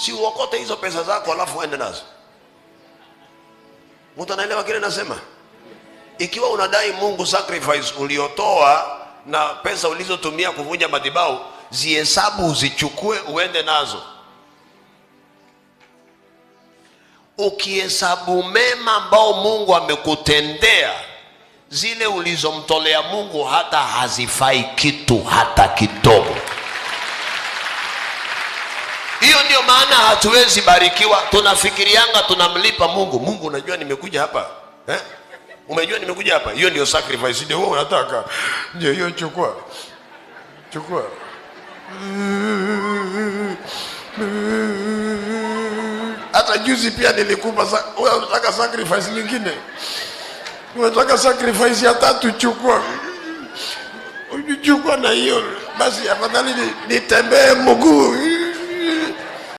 si uokote hizo pesa zako alafu uende nazo. Mtu anaelewa kile nasema? Ikiwa unadai Mungu sacrifice uliotoa na pesa ulizotumia kuvunja madhabahu, zihesabu, uzichukue, uende nazo. Ukihesabu mema ambao Mungu amekutendea, zile ulizomtolea Mungu hata hazifai kitu hata kidogo hiyo ndio maana hatuwezi barikiwa. Tunafikirianga tunamlipa Mungu. Mungu, unajua nimekuja hapa eh? Umejua nimekuja hapa. Hiyo ndio sacrifice, ndio wewe unataka. Ndio hiyo, chukua chukua. Hata juzi pia nilikupa. Wewe unataka sacrifice nyingine, unataka sacrifice ya tatu. Chukua chukua na hiyo basi, afadhali nitembee mguu